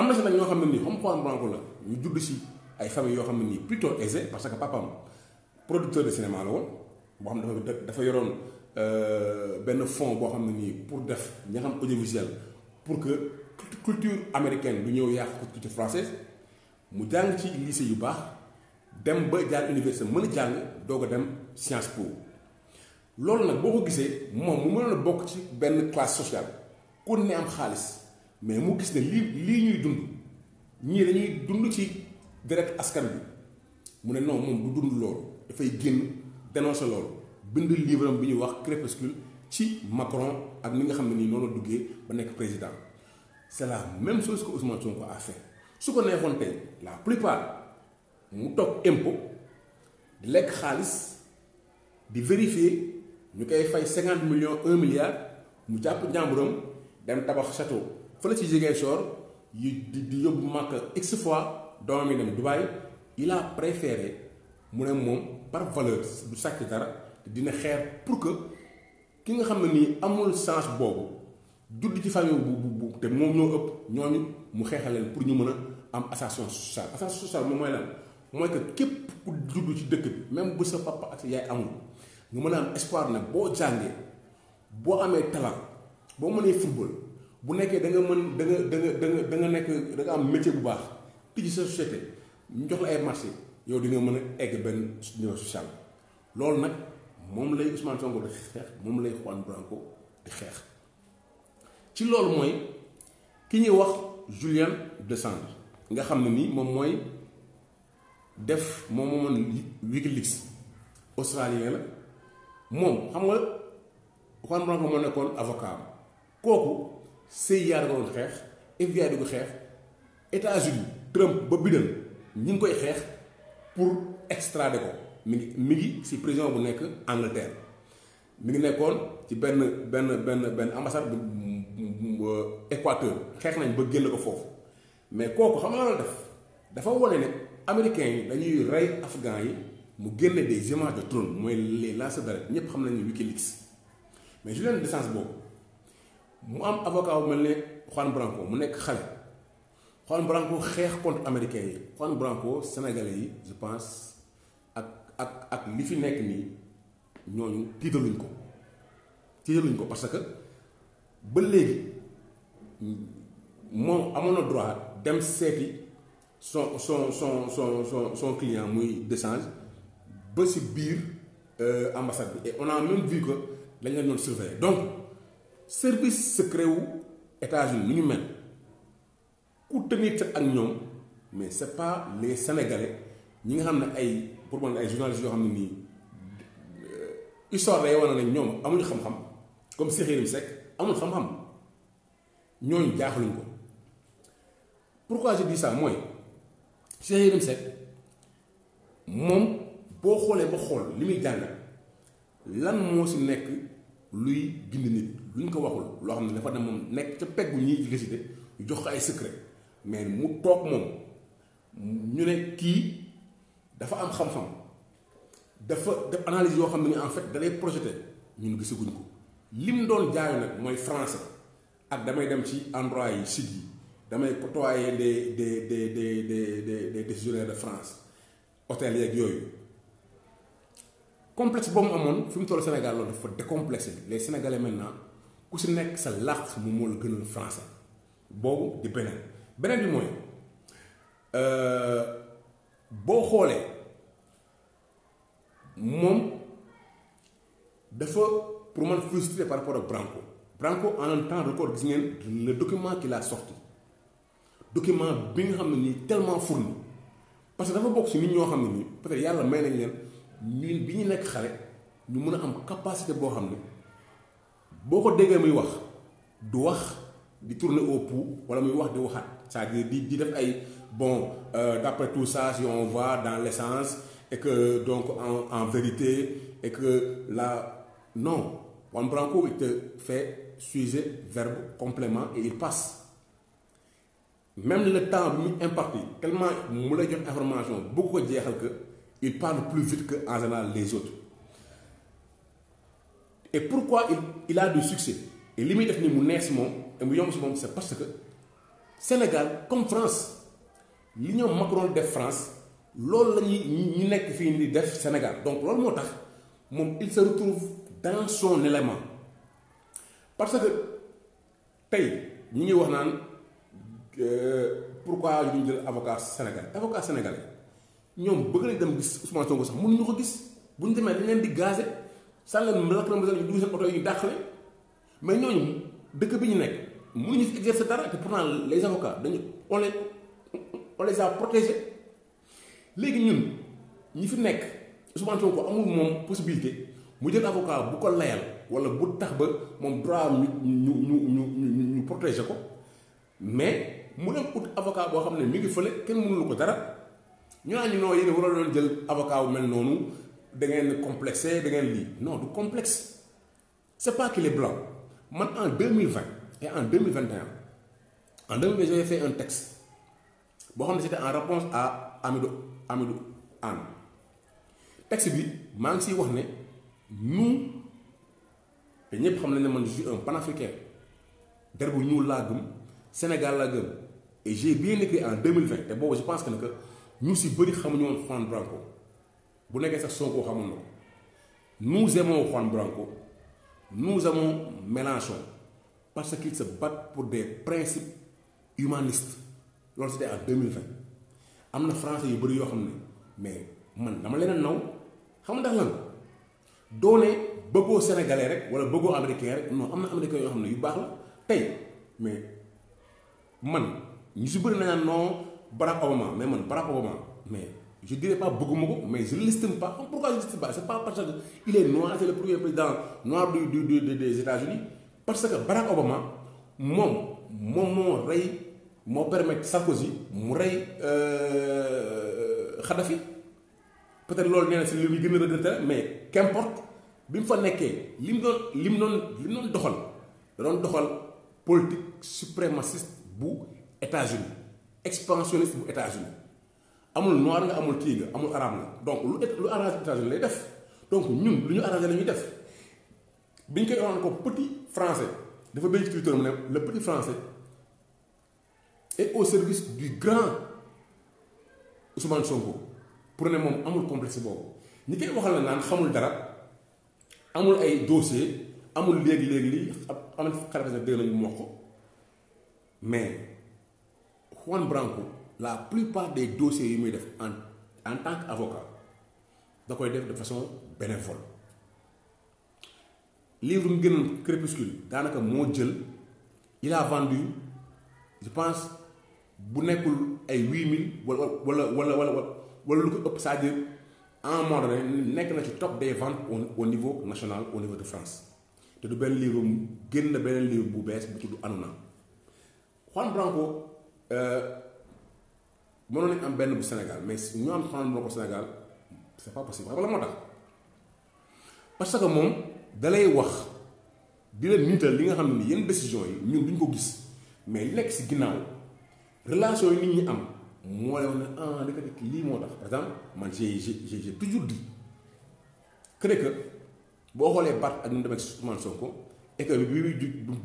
am na si nag ñoo xam ne nii xam Juan Branco la ñu judd si ay famille yoo xam ne nii plutôt aisé parce que papam producteur de cinéma la woon boo xam ne dafa dafa yoroon euh, benn fonds boo xam ne nii pour def ñi xam audiovisuel pour que culture américaine du ñëw yàqu culture française mu jàng ci lycée yu baax dem ba jaar université mën a jàng doog a dem Sciences Po loolu nag boo ko gisee moom mu mën a bokk ci benn classe sociale ku ne am xaalis mais mu gis ne lii lii ñuy dund ñii lañuy dund ci deret askar bi mu ne non moom du dund loolu dafay génn dénoncer loolu bind livre bi ñuy wax crépuscule ci Macron ak ni nga xam ne nii noonu duggee ba nekk président c'est la même chose que Ousmane Sonko a fait su ko neexoon tey la plupart mu toog impôt di lekk xaalis di vérifier ñu koy fay cinquante millions un milliard mu jàpp njàmburam dem tabax château. fële ci Ziguinchor yu di di yóbbu màkk x fois doomam yi dem Dubaï il a préféré mu ne moom par valeur du sàcc dara dina xeer pour que ki nga xam ne nii amul chance boobu judd ci famille bu bu bu te moom ñoo ëpp ñooñu mu xeexal leen pour ñu mën a am ascension sociale ascension sociale mooy que képp ku judd ci dëkk même bu sa papa ak sa yaay amul mën a am nag boo jàngee boo amee talent boo mënee football. bu nekkee da nga mën da nga da danga nekk da am métier bu baax tijji sa société ñu jox la ay marché yow di nga mën a egg benn niveau social loolu nag moom lay Ousmane Sonko di xeex moom lay Juan Branco di xeex ci loolu mooy ki ñuy wax Julien Desange nga xam ne nii moom mooy def moom moomoon Wikileaks australien la moom xam nga Juan Branco moo nekkoon avocat kooku CIA da ko doon xeex FBI di xeex États-Unis Trump ba Biden ñu ngi koy xeex pour extrader ko mi ngi mi ngi si prison bu nekk Angleterre mi ngi nekkoon ci benn benn benn benn ambassade bu euh, Équateur xeex nañ ba génn ko foofu mais kooku xam nga def dafa wane ne américains yi dañuy rey afghan yi mu génne des images de drone mooy les lanceurs d'alerte ñëpp xam nañu Wikileaks mais ju leen décence boobu. mu am avocat mel ne Juan Branco mu nekk xale Juan Branco xeex contre américain yi Juan sénégalais yi je pense ak ak ak li fi nekk nii ñooñu tiitaluñ ko tiitaluñ ko parce que ba léegi moo amoon na droit dem seeti son son son son son son client muy d'échange ba si biir euh, ambassade bi et on a même vu que dañ leen doon surveiller donc service secret wu États-Unis lu ñu mel ku tamit ak ñoom mais c'est pas les sénégalais ñi nga xam ne ay pour man ay journalistes yoo xam ne nii euh, histoire day wane ne ñoom amuñu xam-xam comme Cheikh Yérim Seck amul xam-xam ñooñu jaaxluñ ko pourquoi je dis ça mooy Cheikh Yérim Seck moom boo xoolee ba xool li muy jàngal lan moo si nekk luy gindi nit luñ ko waxul loo xam ne dafa ne nekk ca peggu ñiy décider ñu jox ko ay secret mais mu toog moom ñu ne kii dafa am xam-xam dafa def analyse yoo xam ne ni en fait da lay projeté ñun gisaguñ ko mu doon jaayo nag mooy français ak damay dem ci endroit yi sud yi damay côtoyer des des des des des des décisionnaires de France hôtel yeeg yooyu complexe boobu amoon fi mu toll Sénégal loolu dafa décomplexé les Sénégalais maintenant. ku si nekk sa làkk mu moo la gënal français boobu di beneen beneen bi mooy euh, boo xoolee moom dafa pour man frustré par rapport ak Branco Branco en un temps record gis ngeen le document qu'il a sorti document bi nga xam ne nii tellement fourni parce que dafa bokk si nit ñoo xam ne nii peut-être yàlla may nañ leen ñun bi ñu nekk xale ñu mun a am capacité boo xam ne boo ko déggee muy wax du wax di tourner au pouls wala muy wax di waxaat saa à di di def ay bon euh, d'après tout ça si on va dans l'essence et que donc en en vérité et que la non Juan Branco il te fait sujet verbe complément et il passe même le temps bi mu imparti tellement mu lay jox information bëgg ko jeexal que il parle plus vite que en les autres. et pourquoi il il a du succès li muy def ni mu neex si moom te mu yomb si moom c'est parce que Sénégal comme France li ñoom Macron def France loolu la ñi ñu nekk fii ni def Sénégal donc loolu moo tax moom il se retrouve dans son élément parce que tey ñu ngi wax naan euh, pourquoi ñu jël avocat Sénégal avocat sénégal ñoom bëgg nañ dem gis Ousmane Sonko sax mënuñu ko gis bu ñu demee dañ leen di gazer. sàllal lakk na mos a dugg seen oto yi ñu dàq leen mais ñooñu dëkk bi ñu nekk mënuñu fi exercer dara te pourtant les avocats dañu on les on léegi ñun ñi fi nekk Ousmane ko amul moom possibilité mu jël avocat bu ko layal wala bu tax ba moom droit ñu ñu ñu ñu ñu protéger ko mais mu dem ut avocat boo xam ne mi ngi fële kenn mënul ko dara ñu naan ñu noo yéen a waroon jël avocat bu mel noonu. da ngeen complexé da ngeen lii non du complexe c'est pas qu'il est blanc man en deux mille vingt et en un en deux mille vingt j'ai fait un texte boo xam ne en réponse à Amidou Amidou Anne texte bi maa ngi siy wax ne nous te ñëpp xam nañ ne man je un panafricain der bu ñuul laa gëm Sénégal laa gëm et j'ai bien te boobu je pense que ne que ñu si bëri xamuñu woon Juan bu nekkee sax Sonko xamoon na ko nous aimons Juan Branco nous Mélenchon parce que se battent pour des principes humanistes loolu c'était en 2020 am na français yu bëri yoo xam ne mais man dama leen a naw xam ndax lan doone bëggoo sénégalais rek wala bëggoo américain rek non am na américain yoo xam ne yu baax la tey mais man ñu si bëri na naan non Barack Obama mais man Barack Obama mais. je dirais pas bëgguma ko mais je l'estime pas xam pourquoi je l'estime pas c'est pas parce que il est noir c'est le premier président noir du du du des États-Unis parce que Barack Obama moom moom moo rey moo permettre Sarkozy mu rey euh, Kadhafi peut-être loolu nee na si li muy gën a regretter mais qu'importe bi mu fa nekkee li mu doon li mu doon li mu doon doxal da doon doxal politique suprémaciste bu États-Unis expansionniste bu États-Unis amul noir nga amul tii amul arabe nga donc lu lu arrangé états lay def donc ñun lu ñu arrangé la ñuy def biñ koy waxoon ko petit français dafa béy ci Twitter mu ne le petit français est au service du grand Ousmane Sonko pour ne moom amul complexe boobu ñi koy waxal na naan xamul dara amul ay dossier amul léegi léegi lii am na xalaat na dégg nañu mu wax ko mais Juan Branco. la plus plupart des dossiers yu muy def en en tant qu'avocat da koy def de façon bénévole livre mu gënoon crépuscule daanaka moo jël il a vendu je pense bu nekkul ay huit mille wala wala wala wala wala lu ko ëpp cest à en mois donné nekk na ci top des ventes au niveau national au niveau de France te du benn livre mu génn beneen livre bu bees bu tudd Anuna Juan Branco. Euh, mënoon nañu am benn bu Sénégal mais ñu am xanaan boo ko Sénégal c'est pas possible xam la moo tax parce que moom dalay wax di leen niital li nga xam ne yenn décision yi ñun duñ ko gis mais li si ginnaaw relation yi nit ñi am moo leen ne ah dëkk lii moo tax par exemple man j'ai j'ai j'ai toujours dit que ne que boo xoolee Barth ak ñu demee si bi muy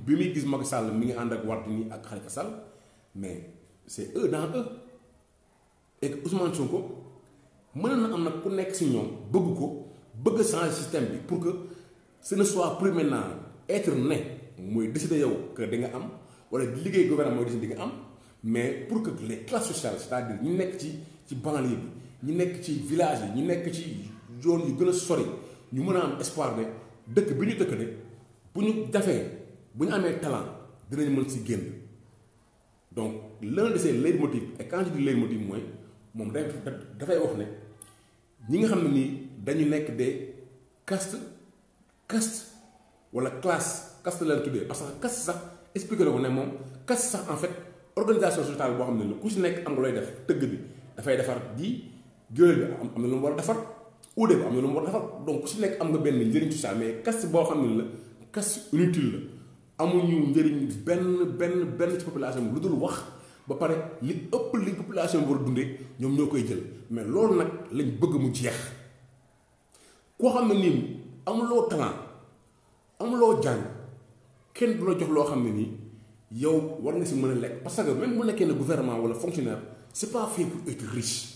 bi muy gis mag Sall mi ngi ànd ak nii ak Khalifa Sall mais c'est eux dans eux. et que Ousmane Sonko mënoon na am nag ku nekk si ñoom bëgg ko bëgg changer système bi pour que ce ne soit plus maintenant être mooy décider yow que di nga am wala liggéey gouvernement mooy décider di nga am mais pour que les classes sociales cest à ñu nekk ci ci banlieue bi ñu nekk ci village yi ñu nekk ci zone yu gën a sori ñu mën a am espoir ne dëkk bi ñu dëkk ne bu ñu jafee bu ñu amee talent dinañ mën si génn donc l'un de ces leitmotifs et quand je dis leitmotif mooy. moom day dafay wax ne ñi nga xam ne nii dañu nekk de caste caste wala classe caste la tuddee parce que caste sax expliqué la ko ne moom caste sax en fait organisation sociale boo xam ne la ku si nekk am nga looy def tëgg bi dafay defar di géwél bi am a defar uude bi am na lu mu donc si nekk am nga benn njëriñ social mais caste boo xam ne la caste inutile la amuñu njëriñ benn benn benn ci population bi lu dul wax. ba pare li ëpp li population bi war a dundee ñoom ñoo koy jël mais loolu nag lañ bëgg mu jeex koo xam ne nii amuloo talent amuloo jàng kenn bu la jox loo xam ne nii yow war nga si mën a lekk parce que même bu nekkee ne gouvernement wala fonctionnaire c'est pas fait pour être riche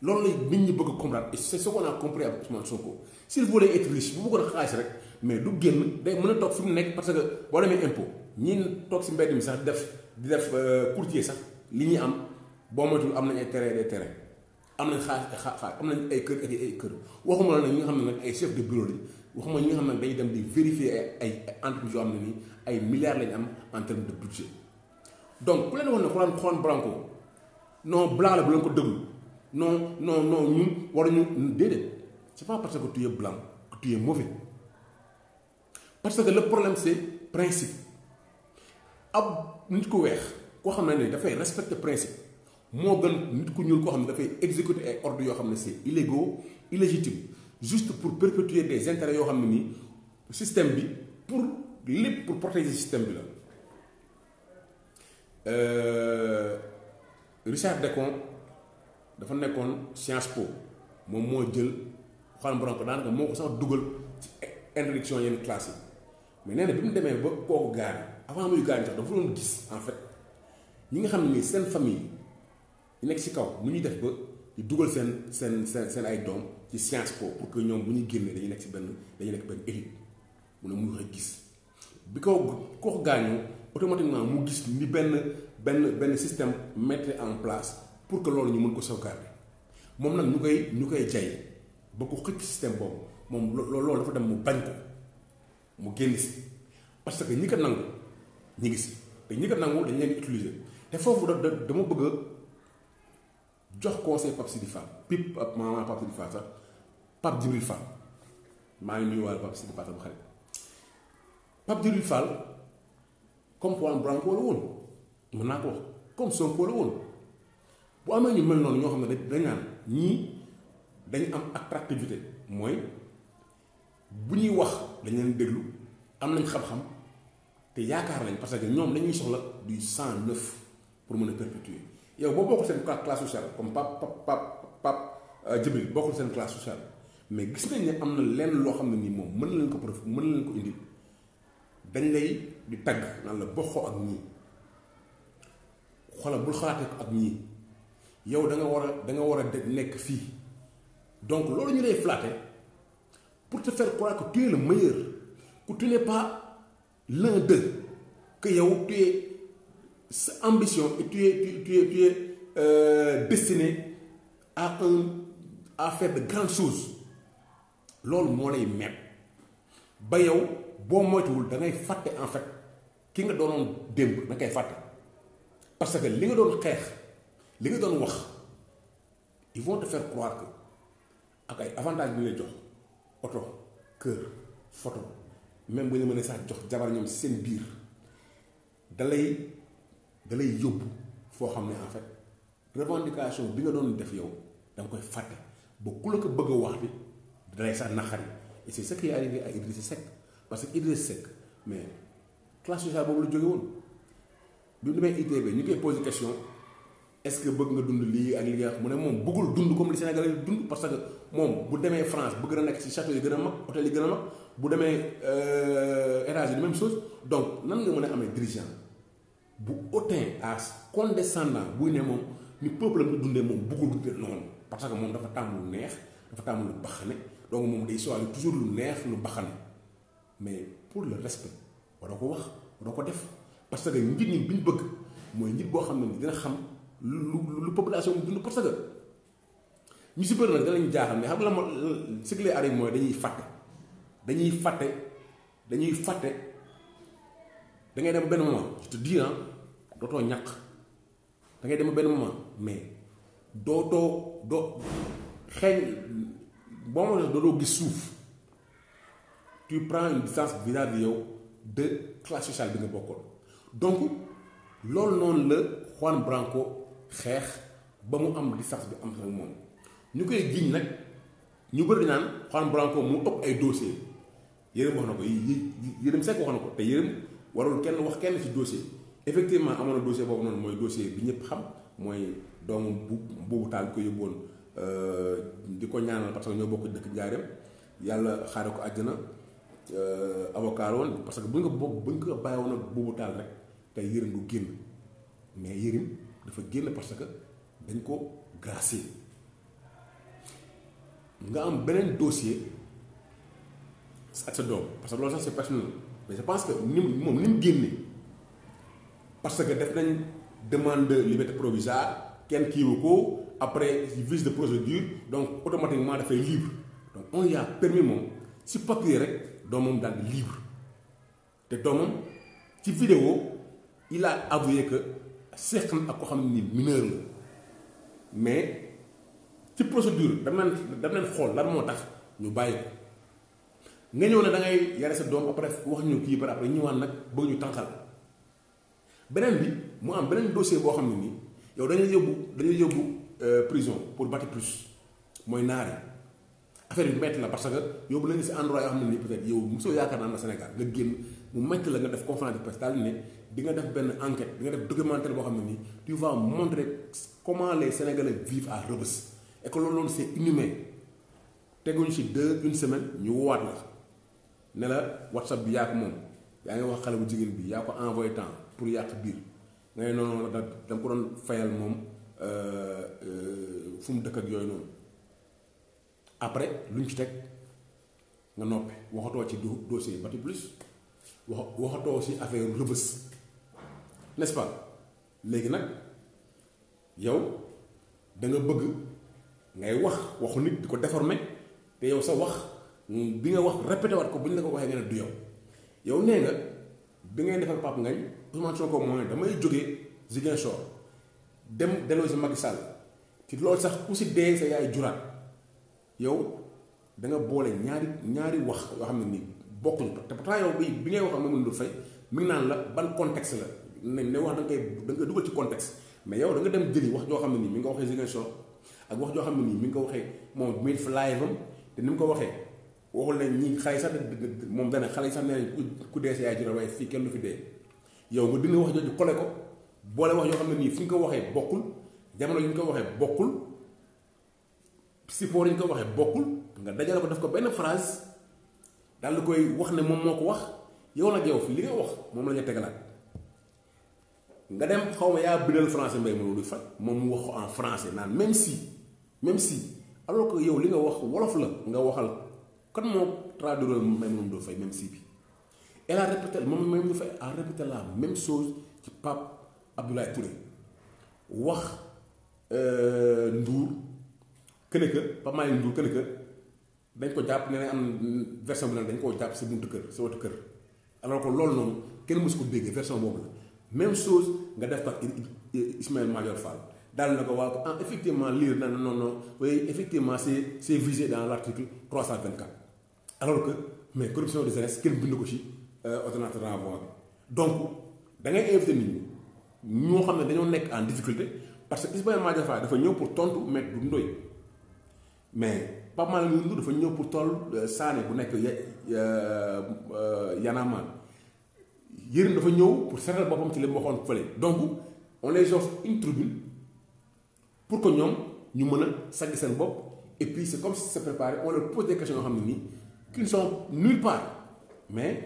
loolu la nit ñi bëgg a comprendre et c'est ce qu'on a compris avec Ousmane Sonko s'il voulait être riche bu bëggoon a xaalis rek mais du génn day mën a toog fi mu nekk parce que boo demee impôt ñi toog si mbedd mi sax def. di def euh, courtier sax li ñuy am boo moytuwul am nañ ay terrain des terrains am nañ xaar xaar am nañ ay kër ay kër waxuma la nag ñi nga xam ne nag ay chef de bureau lañ waxuma xam ne dañuy dem di vérifier ay ay entreprises yoo xam nii ay milliards lañ am en terme de budget donc ku leen wax ne Juan Juan Branco non blanc la bu leen ko déglu non non non ñun ñu déedéet c'est pas parce que tu es blanc que tu parce que le problème c'est principe ab. nit ku weex koo xam ne ne dafay respecter principe moo gën nit ku ñuul koo xam ne dafay exécuter ay ordres yoo xam ne c'est illégaux illégitime juste pour perpétuer des intérêts yoo xam ne nii système bi pour lépp pour protéger système bi la euh, Richard Deacon dafa nekkoon Sciences Po moom moo jël xalam borom ko daanaka moo ko sax dugal ci interdiction yenn classe yi mais nee bi mu demee ba kooku gaari avant muy gaañ sax dafa doon gis en fait ñi nga xam ne seen famille yi nekk si kaw mu ñuy def ba di dugal seen seen seen seen ay doom ci Sciences Po pour que ñoom bu ñu génnee dañu nekk si benn dañu nekk benn élite mu ne mu wax gis bi kaw kooku gaañoo automatiquement mu gis ni benn benn benn système mettre en place pour que loolu ñu mën ko sauvegarder moom nag ñu koy ñu koy jay ba ko xëcc système boobu moom loolu dafa dem mu bañ ko mu génn si parce que ñi ko nangu. ñi ngi si te ñi ko nangu dañ leen utiliser te foofu da dama bëgg jox conseil Pape Sidi Fall pip maanaam Pape sax Pape Djibril Fall maa ngi nuyuwaale Pape Sidi Fall sama xarit comme Juan woon mën naa ko wax comme Sonko la woon bu amee ñu mel noonu ñoo xam ne dañ naan ñii dañu am attractivité mooy bu ñuy wax dañ leen déglu am nañ xam-xam. te yaakaar nañ parce que ñoom dañuy soxla du cent neuf pour mën a perpétuer yow boo bokkul seen classe sociale comme pap pap pap pap euh, Jibril bokkul seen classe sociale mais gis nañ ne am na lenn loo xam ne nii moom mën na leen ko prof mën na leen ko indi dañ lay di tagg naan la bokkoo ak ñii xoolal bul xalaatee ak ñii yow da nga war a da nga war a nekk fii donc loolu ñu lay flatter pour te faire croire que tu es le meilleur que tu l'un d'eux que yow tu es sa ambition et tu es tu tu euh, destiné à un à faire de grandes choses loolu moo lay met ba yow boo moytuwul da fàtte en fait ki nga doonoon démb da ngay fàtte parce que li nga doon xeex li nga doon wax ils vont te que ak ay avantages bi ñu lay jox oto kër photo même bu ñu mënee sax jox jabar ñoom seen biir dalay dalay yóbbu foo xam ne en revendication bi nga doon def yow da nga koy fàtte ba ku la ko bëgg wax bi dalay sax naqari et c'est ce qui est arrivé à Idrissa Seck parce que Idrissa Seck mais classe sociale boobu la jóge woon bi mu demee ITB ñu koy posé question est-ce que bëgg nga dund lii ak li nga mu ne moom bëggul dund comme li Sénégalais dund parce que. moom bu demee France bëgg na nekk ci château yi gën a mag hôtel yi gën a mag bu demee euh, États-Unis même chose donc nan nga mën a amee dirigeant bu hautain à condescendant buy ne moom ni peuple la dundee moom bëggul dundee noonu parce que moom dafa tàmm lu neex dafa tàmm lu baxane donc moom day soxla toujours lu neex lu baxane mais pour le respect waroo ko wax waroo ko def parce que njiit ñi bi ñu bëgg mooy njiit boo xam ne dina xam lu lu population bi dund parce ñu si bëri nag da lañu jaaxal mais xam nga la ma ce qui arrive mooy dañuy fàtte dañuy fàtte dangay fàtte da dem benn moment je te dis dootoo ñàkk da ngay dem benn moment mais dootoo doo xeeñ boo ma dootoo gis suuf tu prends une distance vis à yow de classe sociale bi nga bokkoon donc loolu noonu la Juan Branco xeex ba mu am distance bi am ak moom. ñu koy giñ nag ñu bëri naan Juan Branco mu ëpp ay dossier yërëm wax na ko yi yërëm sekk wax na ko te yërëm warul kenn wax kenn ci dossier effectivement amoon na dossier boobu noonu mooy dossier bi ñëpp xam mooy doomu bu boobu taal ko yóbboon euh, di ko ñaanal parce que ñoo bokk dëkk njaareem yàlla xaare ko àjjana euh, avocat woon parce que bu ñu ko bu ñu ko bàyyi woon ak taal rek tey yërëm du génn mais yërëm dafa génn parce que dañ ko gracier nga am beneen dossier ak sa doom parce que loo sax c'est personnel mais je pense que ni moom ni mu génne parce que def nañ demande de liberté provisoire kenn kiiwu ko après vise de procédure donc automatiquement dafay libre donc on y a moom si papier rek doomam daal di libre te doomam ci vidéo il a avoué que seq na ak ko xam ni mineur la mais ci procédure dam leen dam leen xool lan moo tax ñu bàyyi ko nga ñëw ne da ngay yare sa doom après wax ñu kii par après ñëwaat nag bëgg ñu tànqal beneen bi mu am beneen dossier boo xam ne nii yow dañuy yóbbu dañuy yóbbu euh, prison pour bati plus mooy naari affaire bi metti la parce que yóbbu lañu si endroit yoo xam ne nii peut être yow mosoo yaakaar naa na Sénégal nga génn mu metti la nga def conférence de presse daal ne di nga def benn enquête di nga def documentaire boo xam ne nii tu vas montrer comment les Sénégalais vivent à et que loolu noonu c'est inhumain teguñ ci deux une semaine ñu woowaat la ne la whatsapp bi yaa ko moom yaa ngi wax xale bu jigéen bi yaa ko envoyé temps pour yàq biir nga ne noonu da nga ko doon fayal moom euh, euh, fu mu dëkk yooyu noonu après luñ ci teg nga noppi waxatoo ci du dossier bati plus waxatoo ci affaire rëbës n'est-ce léegi nag yow da bëgg. ngay wax waxu nit di ko déformer te yow sa wax bi nga wax répété waat ko bu ñu la ko waxee nga ne du yow yow nee nga bi ngay defal Pape Ngagne Ousmane Sonko moo ne damay jógee Ziguinchor dem delloo si Macky Sall ci lool sax ku si dee sa yaay juraat yow da nga boole ñaari ñaari wax yoo xam ne nii bokkuñu te pourtant yow bi bi ngay wax ak Mamadou Ndour Faye mi ngi naan la ban contexte la nañ ne wax da nga koy da nga dugal ci contexte mais yow da nga dem jëli wax joo xam ne nii mi ak wax joo xam ne nii mi ngi ko waxee moom mi ngi fa live am te ni mu ko waxee waxul nañ ñi xale sax moom dana xale sax nee ku dee sa yaay jura waaye fii kenn lu fi dee yow nga dina wax jooju kole ko boole wax yoo xam ne nii fi ñu ko waxee bokkul jamono yi ñu ko waxee bokkul support yi ñu ko waxee bokkul nga dajale ko def ko benn phrase daal di koy wax ne moom moo ko wax yow nag yow fi li nga wax moom la ñu tegalaat. nga dem xaw ma yaa bindal français mbay moom du faj moom mu wax ko en français naan même si même si alors que yow li nga wax wolof la nga waxal kan moo traduire mbay moom du fay même si bi elle a répété moom moom du fay a répété la même chose ci Pape Abdoulaye Touré wax euh, Ndour que ne que Pape Malick Ndour que dañ ko jàpp ne am version bi nag dañ koo jàpp sa buntu kër sa wetu kër alors ko loolu noonu kenn mësu ko déggee version boobu la. même chose nga def ko Ismaël Madior Fall daal na ko waaw ko ah effectivement lire na non non oui effectivement c'est c'est visé dans l'article 324 alors que mais corruption de jeunesse kenn bind ko ci ordonnance de renvoi bi donc da ngay invité nit ñi ñoo xam ne dañoo nekk en difficulté parce que Ismaël Madior Fall dafa ñëw pour tontu Maître Doudou Ndoye mais Pape Malick Ndour dafa ñëw pour toll euh, Sané bu nekk Yann euh, Amane Yérim dafa ñëw pour seetal boppam ci li mu waxoon fële donc on les offre une pour que ñoom ñu mën a sagg seen bopp et puis c'est comme si c'est préparé on leur pose des questions yoo xam ne nii qui ne sont nulle part mais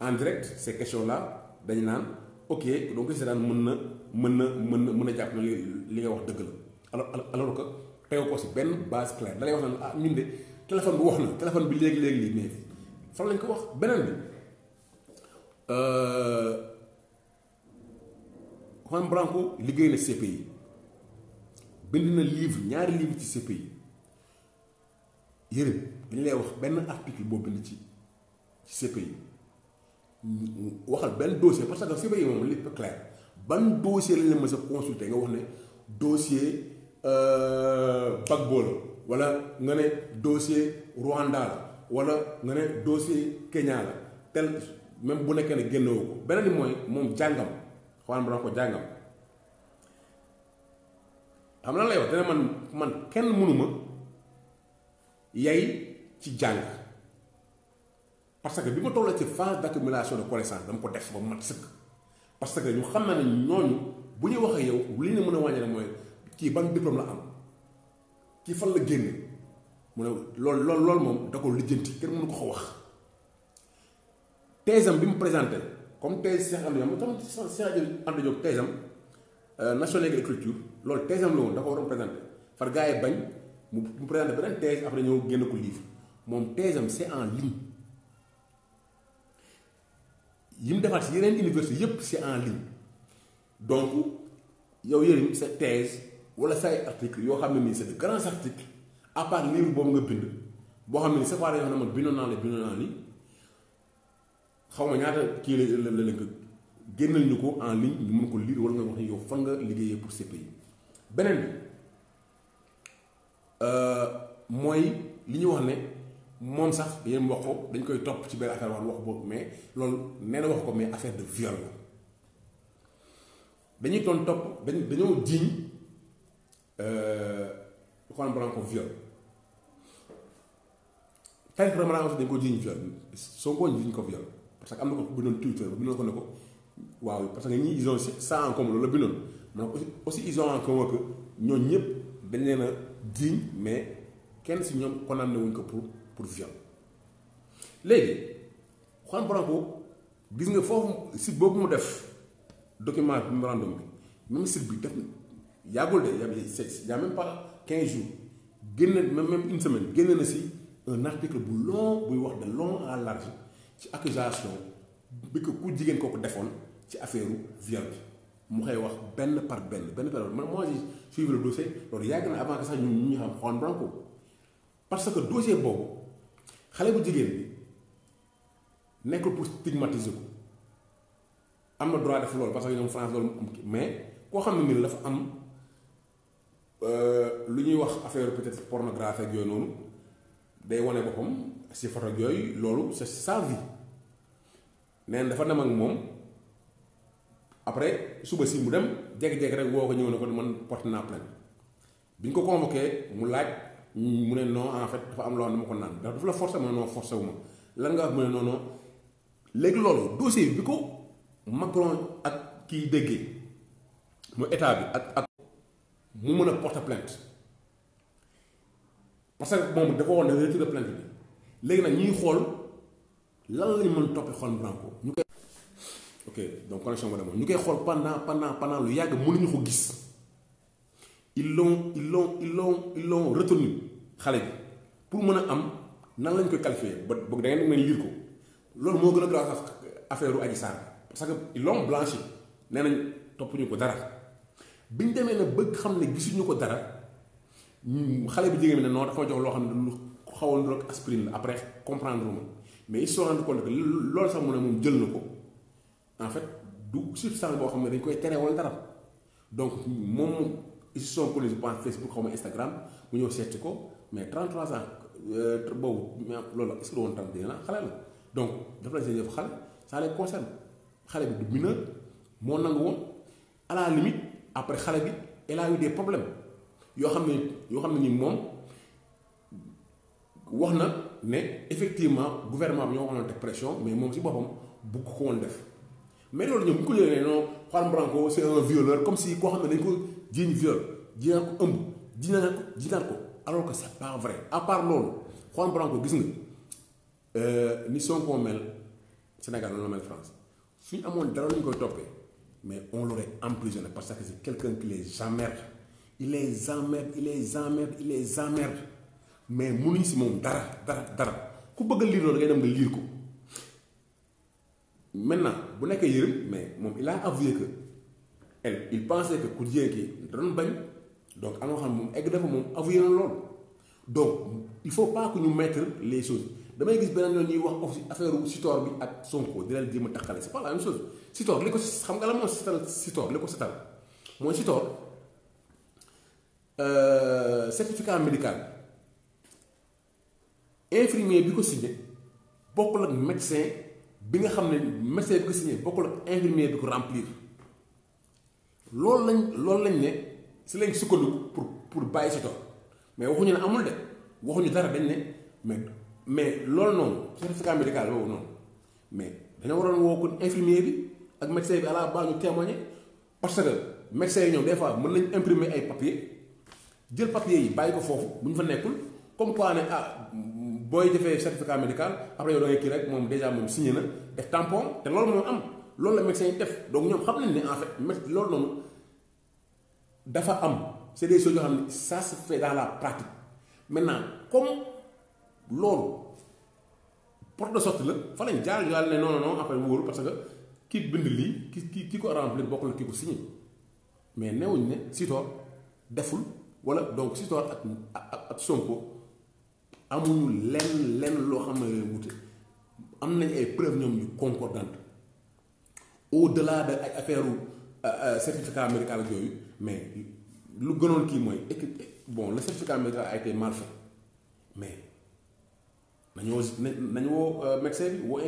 en direct ces questions là dañu naan ok donc gis daan mën na mën na mën na mën a jàpp ne li nga wax dëgg la alors alors que teew ko si benn base claire da lay wax naan ah ñun de téléphone bi wax na téléphone bi léegi léegi lii mais lañ ko wax beneen bi. Euh, Juan Branco liggéey na yi bind na livre ñaari livre ci yi yërëb dañu lay wax benn article boo bind ci ci CPI waxal benn dossier parce que CPI moom li clair ban dossier lañ la mës a consulter nga wax ne dossier euh, Gbagbo la wala nga ne dossier Rwanda la wala nga ne dossier Kenya la tel même bu nekkee ne génnewu ko beneen bi mooy moom jàngam xawaan ba ko jàngam xam na lay wax dana man man kenn mënuma yay ci jàng parce que bi ma tollee ci phase d'accumulation de connaissance dama ko def ba mat sëkk parce que ñu xam na ne ñooñu bu ñuy waxee yow li ñu mën a wàññi mooy kii ban diplôme la am kii fan la génne mu ne loolu loolu loolu moom da ko lijjanti kenn mënu ko ko wax thèse am bi mu présenté comme thèse Cheikh Anta Diop tam Cheikh Anta Diop thèse am euh, nation agriculture loolu thèse am la woon da ko waroon présenté far gars yi bañ mu mu présenté beneen thèse après ñëw génn ko livre moom thèse am c'est en ligne yi mu defaat si yeneen université yépp c'est en ligne donc yow Yérim sa thèse wala say article yoo xam ne nii c'est de grands articles livre boobu nga bind boo xam ne ni sa part yoo xam ne man bindoon la bindoon naa xaw ma ñaata kii la la la ko génnal ñu ko en ligne ñu mun ko lire wala nga wax ni yow fan nga liggéeyee pour ces pays beneen bi euh, mooy li ñu wax ne moom sax yéen wax ko dañ koy topp ci benn affaire wax wax boobu mais loolu nee na wax ko mais affaire de viol la dañuy doon topp dañ dañoo jiiñ euh, Juan ko jiiñ viol Sonko ko viol parce que am na ko bindoon Twitter bi bindoon ko ne ko waaw parce que ñii ils ont ça en commun loolu la bindoon man aussi ils ont en commun que ñëpp dañ leen a diñ mais kenn si ñoom condamné wuñ ko pour pour viol léegi Juan Branco gis nga foofu site boobu mu def document bi mémorandum bi même site bi def yàggul de y a même pas 15 jours génn même une semaine génn na si un article bu long buy wax de long à ci accusation bi ko ku jigéen kooku defoon ci affaire viol bi mu koy wax benn par benn benn par benn man moi j'ai suivi le loolu yàgg na avant que sax ñun ñu xam Juan Branco parce que dossier boobu xale bu jigéen bi nekkul pour stigmatiser ko am na droit def loolu parce que ñoom France loolu mais koo xam ne ni dafa am euh, lu ñuy wax affaire peut-être pornographique ak yooyu noonu day wane boppam si photo ak loolu c'est sa vie. neen dafa dem ak moom après suba si mu dem jékki-jékki rek woo ko ñëw ne ko man porte naa plainte bi ñu ko convoqué mu laaj mu ne non en fait dafa am loo xam ne ma ko naan dafa la forcé ma ne non forcé wu ma lan nga wax ne non léegi loolu dossier bi ko Macron ak kiy déggee mu état bi ak ak mu mën a porter plainte parce que moom dafa woon ne retire plainte bi léegi nag ñuy xool. lan lañ mën toppee xool Branco ñu koy. ok donc connexion ba demoon ñu koy xool pendant pendant pendant lu yàgg mënuñu ko gis ils l'ont ils l'ont ils l'ont xale bi pour mën a am nan lañ koy qualifier ba boog da ngeen mën ko loolu moo gën a grave affaire Adji Sarr parce que ils l'ont blanchi nee nañ toppuñu ko dara biñ demee na bëgg xam ne gisuñu ko dara xale bi jigéen bi ne noo dafa jox loo xam ne lu xawoon rek aspirine après comprendre ma. mais ils se sont rendu compte que sax mu ne moom jël na ko en fait du substance boo xam ne dañ koy tere wala dara donc moom ils se sont connus xaw ma Instagram mu ñëw seeti ko mais 33 ans euh, boobu loolu est-ce que du woon 31 ans xale la donc dafa la seen yëf xale ça les concerne xale bi du mineur moo nangu woon à la après xale bi elle a eu des yoo xam ne yoo xam ne ni moom wax na. ne effectivement gouvernement bi ñoo waxoon teg pression mais moom si boppam bugg ko woon def mais loolu ñoom bu ñu ko jëlee ne non Juan Branco c'est un violeur comme si koo xam ne dañ ko jiiñ viol jiinaan ko ëmb jiinaan ko jiinaan ko alors pas vrai à part loolu Juan Branco gis nga euh, ni Sonko mel Sénégal noonu la mel France suñ amoon dara lu ñu koy toppee mais on l'aurait emprisonné parce que c'est quelqu'un qui les emmerde il les emmerde il les emmerde il les mais munuñ si moom dara dara dara ku bëgg a lire loolu ngay dem nga lire ko maintenant bu nekkee yërëm mais moom il a avoué que elle il pensait que ku jigéen ki doon bañ donc am na xam moom egg def moom avoué na loolu donc il faut pas que ñu mettre les choses damay gis beneen yoon ñuy wax aussi affaire Sitor bi ak Sonko di leen jéem a taxale c'est pas la même chose Sitor li ko xam nga la moo setal Sitor li ko setal mooy Sitor euh, certificat médical. infirmier bi ko signé bokkul ak médecin bi nga xam ne médecin bi ko signé bokkul ak infirmier bi ko remplir loolu lañ loolu lañ ne si lañ sukkandiku pour pour bàyyi si tool mais waxuñu ne amul de waxuñu dara dañ ne mais mais loolu noonu certificat médical boobu noonu mais dañoo waroon woo kon infirmier bi ak médecin bi à la base ñu parce que médecin yi ñoom des fois mën nañ imprimer ay papiers jël papiers yi bàyyi ko foofu bu fa nekkul comme booy defee certificat médical après yow da kii rek moom déjà moom signé na def tampon te loolu moo am loolu la médecin yi def donc ñoom xam nañ ne en fait médecin loolu noonu dafa am c'est des choses yoo xam ne ça se fait dans la pratique maintenant comme loolu porte de sortie la fa lañ jaar yàlla ne non non non après wóoru parce que kii bind lii kii kii ki ko remplir bokkul ki ko signé mais newuñ ne Sitor deful wala donc Sitor ak ak ak Sonko. amuñu lenn lenn loo xam ne wute am nañ ay preuve ñoom yu concordante au delà ay affaire euh, euh, certificat médical ak yooyu mais lu gënoon kii mooy bon le certificat médical a été mal fait mais nañoo nañ woo euh, médecin bi woo